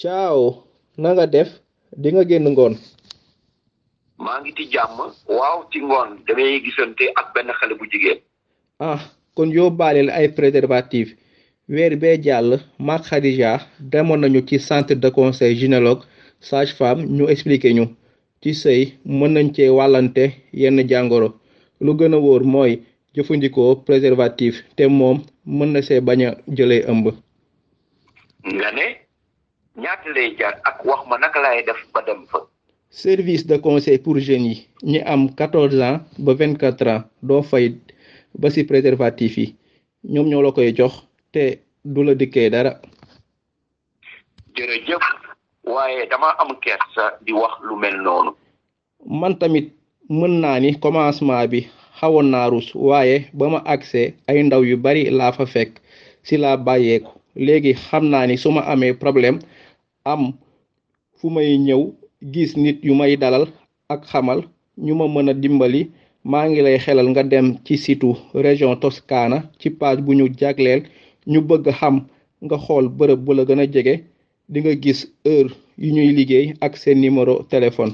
ciao na nga def di nga génn ngoon. maa ngi ci jàmm. waaw ci ngoon damay gisante ak benn xale bu jigéen. ah kon yóbbaaleel ay préservatif weer bee jàll maak Khadija demoon nañu ci centre de conseil gynécologue sage femme ñu expliqué ñu ci sëy mën nañ cee wàllante yenn jàngoro lu gën a wóor mooy jëfandikoo préservative te moom mën na see baña a jëlee ëmb. ñaata lay jaar ak wax ma naka lay def ba dem fa. service de conseil pour gen yi ñi am quatorze ans ba vingt quatre ans doo fay ba ci préservative yi ñoom ñoo la koy jox te du la dikkee dara. jërëjëf waaye dama am kersa di wax lu mel noonu. man tamit mën naa ni commencement bi xawoon naa rus waaye ba ma agsee ay ndaw yu bari laa fa fekk ci laa bàyyeeku léegi xam naa ni su ma amee problème am fu may ñëw gis nit yu may dalal ak xamal ñu ma mëna dimbali maa ngi lay xelal nga dem ci situ région Toscana ci page bu ñu jagleel ñu bëgg xam nga xool bërëb bu la gën jege di nga gis heure yu ñuy liggéey ak seen nimero téléphone.